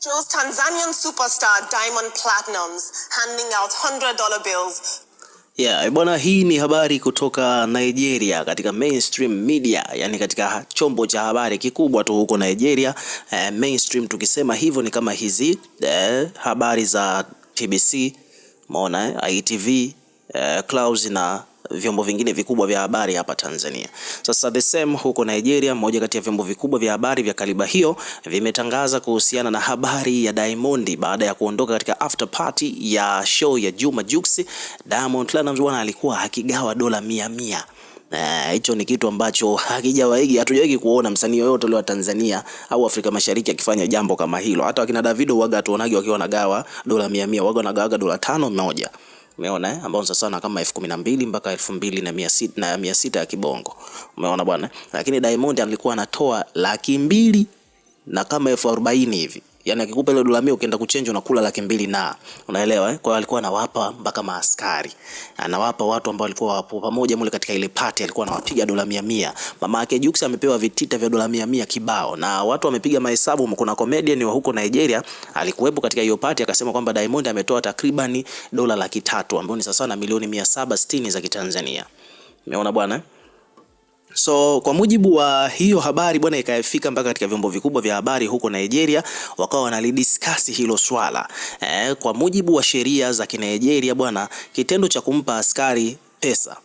Shows Tanzanian superstar Diamond Platnumz handing out $100 bills. Yeah, bwana, hii ni habari kutoka Nigeria katika mainstream media, yani katika chombo cha habari kikubwa tu huko Nigeria. Eh, mainstream tukisema hivyo ni kama hizi eh, habari za TBC, maona eh, ITV uh, Clouds na vyombo vingine vikubwa vya habari hapa Tanzania. Sasa the same huko Nigeria, moja kati ya vyombo vikubwa vya habari vya kaliba hiyo vimetangaza kuhusiana na habari ya Diamond baada ya kuondoka katika after party ya show ya Juma Jux. Diamond Platnumz bwana alikuwa akigawa dola mia mia eh, hicho ni kitu ambacho hakijawahi hatujawahi kuona msanii yoyote leo Tanzania au Afrika Mashariki akifanya jambo kama hilo. Hata wakina Davido waga tuonage wakiwa wanagawa dola mia mia, waga wanagawaga dola tano moja umeona eh, ambao sasa na kama elfu kumi na mbili mpaka elfu mbili na mia sita na mia sita ya kibongo, umeona bwana. Lakini Diamond alikuwa anatoa laki mbili na kama elfu arobaini hivi yani akikupa ile dola 100 ukienda kuchange unakula laki mbili na unaelewa eh? Kwa hiyo alikuwa anawapa mpaka maaskari, anawapa watu ambao walikuwa wapo pamoja mule katika ile party, alikuwa anawapiga dola 100. Mama yake Jux amepewa vitita vya dola 100 kibao, na watu wamepiga mahesabu. Kuna comedian wa huko Nigeria alikuwepo katika hiyo party, akasema kwamba Diamond ametoa takribani dola laki tatu ambayo ni sawa na milioni 760 za Kitanzania. Umeona bwana? So kwa mujibu wa hiyo habari bwana, ikafika mpaka katika vyombo vikubwa vya habari huko Nigeria, wakawa wanalidiscuss hilo swala eh. Kwa mujibu wa sheria za Kinigeria bwana, kitendo cha kumpa askari pesa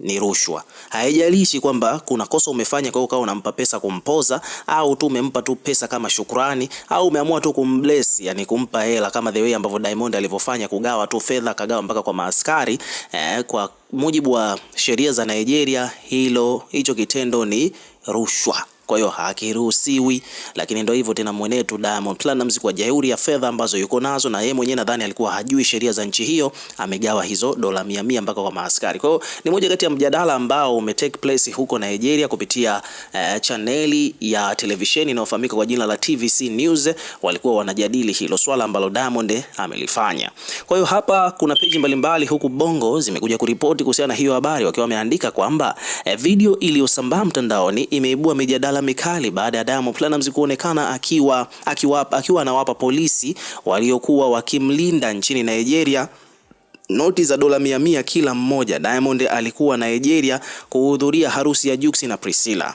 ni rushwa. Haijalishi kwamba kuna kosa umefanya kwa ukawa unampa pesa kumpoza, au tu umempa tu pesa kama shukrani, au umeamua tu kumbless, yani kumpa hela kama the way ambavyo Diamond alivyofanya kugawa tu fedha, kagawa mpaka kwa maaskari eh. Kwa mujibu wa sheria za Nigeria, hilo hicho kitendo ni rushwa kwa hiyo hakiruhusiwi. Lakini ndio hivyo tena, mwenetu Diamond Platnumz kwa jeuri ya fedha ambazo yuko nazo na yeye mwenyewe nadhani alikuwa hajui sheria za nchi hiyo, amegawa hizo dola mia mia mpaka kwa maaskari. Kwa hiyo ni moja kati ya mjadala ambao ume take place huko Nigeria kupitia uh, eh, chaneli ya televisheni inayofahamika kwa jina la TVC News. Walikuwa wanajadili hilo swala ambalo Diamond amelifanya. Kwa hiyo hapa kuna peji mbalimbali huku Bongo zimekuja kuripoti kuhusiana na hiyo habari, wakiwa wameandika kwamba uh, video iliyosambaa mtandaoni imeibua mijadala mijadala mikali baada ya Diamond Platnumz kuonekana akiwa, akiwa, akiwa anawapa polisi waliokuwa wakimlinda nchini Nigeria noti za dola mia mia kila mmoja. Diamond alikuwa Nigeria kuhudhuria harusi ya Jux na Priscilla.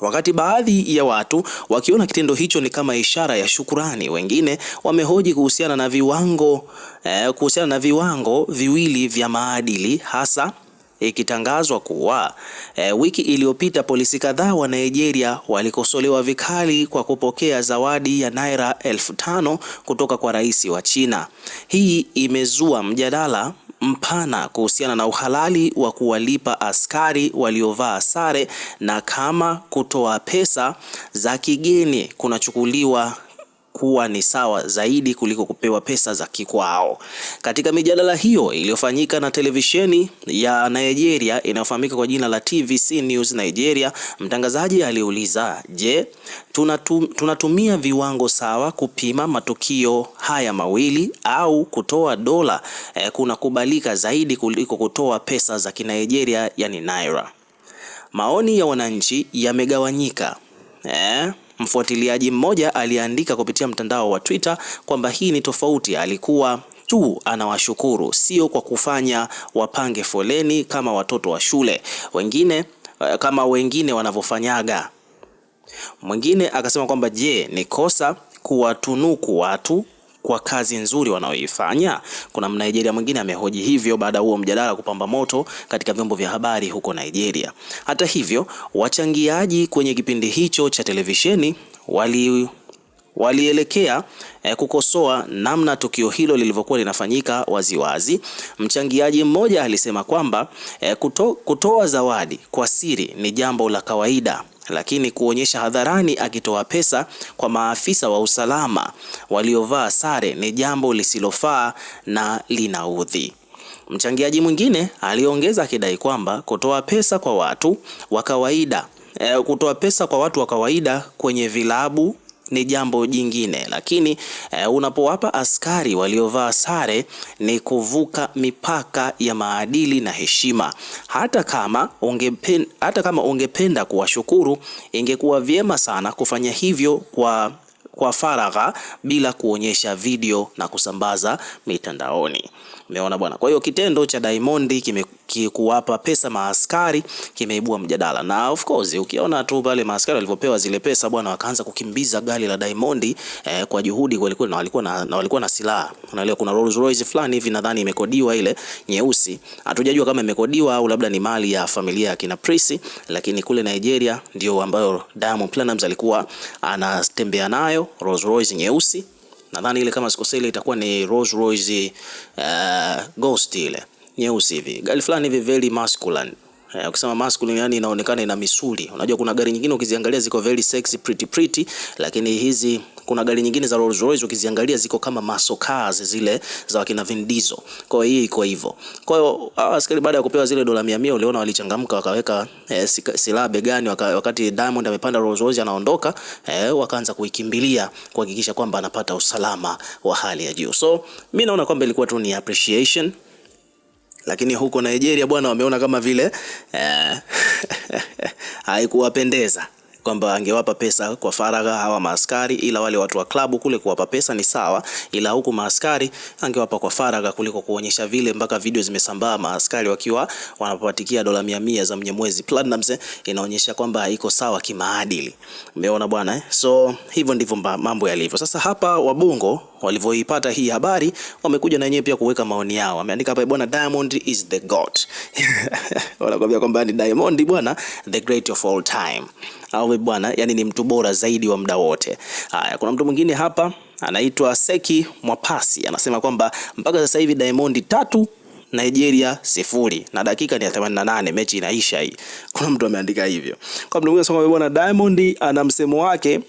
Wakati baadhi ya watu wakiona kitendo hicho ni kama ishara ya shukurani, wengine wamehoji kuhusiana na viwango eh, kuhusiana na viwango viwili vya maadili hasa ikitangazwa kuwa e, wiki iliyopita polisi kadhaa wa Nigeria walikosolewa vikali kwa kupokea zawadi ya naira elfu tano kutoka kwa rais wa China. Hii imezua mjadala mpana kuhusiana na uhalali wa kuwalipa askari waliovaa sare na kama kutoa pesa za kigeni kunachukuliwa kuwa ni sawa zaidi kuliko kupewa pesa za kikwao. Katika mijadala hiyo iliyofanyika na televisheni ya Nigeria inayofahamika kwa jina la TVC News Nigeria, mtangazaji aliuliza, "Je, tunatum, tunatumia viwango sawa kupima matukio haya mawili au kutoa dola eh, kunakubalika zaidi kuliko kutoa pesa za Kinigeria yani naira?" Maoni ya wananchi yamegawanyika. Eh? Mfuatiliaji mmoja aliandika kupitia mtandao wa Twitter kwamba hii ni tofauti, alikuwa tu anawashukuru, sio kwa kufanya wapange foleni kama watoto wa shule wengine, eh, kama wengine wanavyofanyaga. Mwingine akasema kwamba je, ni kosa kuwatunuku watu kwa kazi nzuri wanayoifanya. Kuna Mnigeria mwingine amehoji hivyo baada ya huo mjadala kupamba moto katika vyombo vya habari huko Nigeria. Hata hivyo, wachangiaji kwenye kipindi hicho cha televisheni wali walielekea eh, kukosoa namna tukio hilo lilivyokuwa linafanyika waziwazi. Mchangiaji mmoja alisema kwamba eh, kuto, kutoa zawadi kwa siri ni jambo la kawaida, lakini kuonyesha hadharani akitoa pesa kwa maafisa wa usalama waliovaa sare ni jambo lisilofaa na linaudhi. Mchangiaji mwingine aliongeza akidai kwamba kutoa pesa kwa watu wa kawaida eh, kutoa pesa kwa watu wa kawaida kwenye vilabu ni jambo jingine, lakini eh, unapowapa askari waliovaa sare ni kuvuka mipaka ya maadili na heshima. Hata kama ungependa, hata kama ungependa kuwashukuru, ingekuwa vyema sana kufanya hivyo kwa kwa faragha bila kuonyesha video na kusambaza mitandaoni. Umeona bwana. Kwa hiyo kitendo cha Diamond kime kuwapa pesa maaskari kimeibua mjadala, na of course ukiona tu pale maaskari walivyopewa zile pesa bwana, wakaanza kukimbiza gari la Diamond eh, kwa juhudi walikuwa na walikuwa na, walikuwa na silaha. Unaelewa, kuna Rolls Royce fulani hivi nadhani imekodiwa ile nyeusi, hatujajua kama imekodiwa au labda ni mali ya familia ya kina Prisi, lakini kule Nigeria ndio ambayo Diamond Platnumz alikuwa anatembea nayo Rolls Royce nyeusi nadhani ile kama sikosei ile itakuwa ni Rolls Royce uh, Ghost ile nyeusi hivi, gari fulani hivi very masculine. Eh, ukisema masculine yani inaonekana ina misuli. Unajua kuna gari nyingine ukiziangalia ziko very sexy pretty pretty, lakini hizi kuna gari nyingine za Rolls Royce ukiziangalia ziko kama muscle cars zile za wakina Vin Diesel. Kwa hiyo hii iko hivyo. Kwa hiyo askari baada ya kupewa zile dola 100 uliona walichangamka wakaweka eh, silaha begani waka, wakati Diamond amepanda Rolls Royce anaondoka eh, wakaanza kuikimbilia kuhakikisha kwamba anapata usalama wa hali ya juu. So mimi naona kwamba ilikuwa tu ni appreciation lakini huko Nigeria bwana, wameona kama vile eh, haikuwapendeza kwamba angewapa pesa kwa faragha hawa maaskari, ila wale watu wa klabu kule kuwapa pesa ni sawa, ila huku maaskari angewapa kwa faragha kuliko kuonyesha vile. Mpaka video zimesambaa maaskari wakiwa wanapatikia dola mia mia za Mnyamwezi Platnumz, eh, inaonyesha kwamba haiko sawa kimaadili. Umeona bwana eh? So hivyo ndivyo mambo yalivyo sasa hapa wabongo walivyoipata hii habari, wamekuja na wenyewe pia kuweka maoni yao. Ameandika hapa bwana, Diamond is the god wanakuambia kwamba ni Diamond bwana, the great of all time, au bwana, yani ni mtu bora zaidi wa muda wote. Haya, kuna mtu mwingine hapa anaitwa Seki Mwapasi anasema kwamba mpaka sasa hivi Diamond tatu Nigeria sifuri na dakika ni ya 88, mechi inaisha hii. Kuna mtu ameandika hivyo. Kwa mtu mwingine anasema bwana Diamond ana msemo wake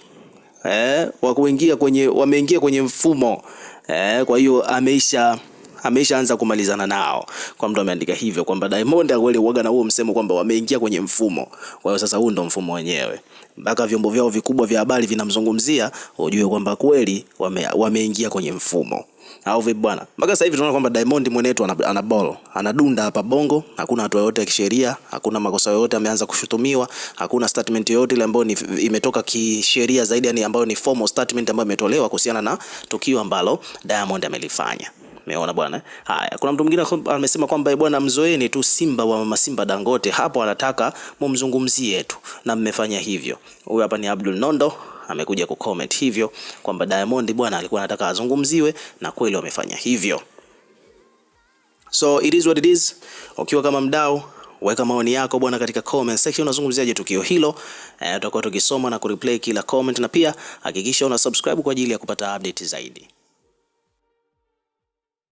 eh, wa kuingia kwenye wameingia kwenye mfumo eh, kwa hiyo ameisha ameshaanza kumalizana nao, kwa mtu ameandika hivyo kwamba Diamond akweli huaga na huo msemo kwamba wameingia kwenye mfumo. Kwa hiyo sasa, huu ndo mfumo wenyewe, mpaka vyombo vyao vikubwa vya habari vinamzungumzia, ujue kwamba kweli wameingia wame kwenye mfumo au vipi bwana? Mpaka sasa hivi tunaona kwamba Diamond mwenetu ana, ball anadunda hapa Bongo, hakuna hatua yoyote ya kisheria, hakuna makosa yoyote ameanza kushutumiwa, hakuna statement yoyote ile ambayo imetoka kisheria zaidi, yani ambayo ni formal statement ambayo imetolewa kuhusiana na tukio ambalo Diamond amelifanya. Umeona bwana. Eh? Haya, kuna mtu mwingine amesema kwamba eh, bwana, mzoeni tu Simba wa mama Simba Dangote, hapo anataka mumzungumzie tu na mmefanya hivyo. Huyu hapa ni Abdul Nondo amekuja kucomment hivyo kwamba Diamond bwana alikuwa anataka azungumziwe na kweli wamefanya hivyo. So it is what it is. Ukiwa kama mdau weka maoni yako bwana katika comment section, unazungumziaje tukio hilo? Eh, tutakuwa tukisoma na kureplay kila comment, na pia hakikisha una subscribe kwa ajili ya kupata update zaidi.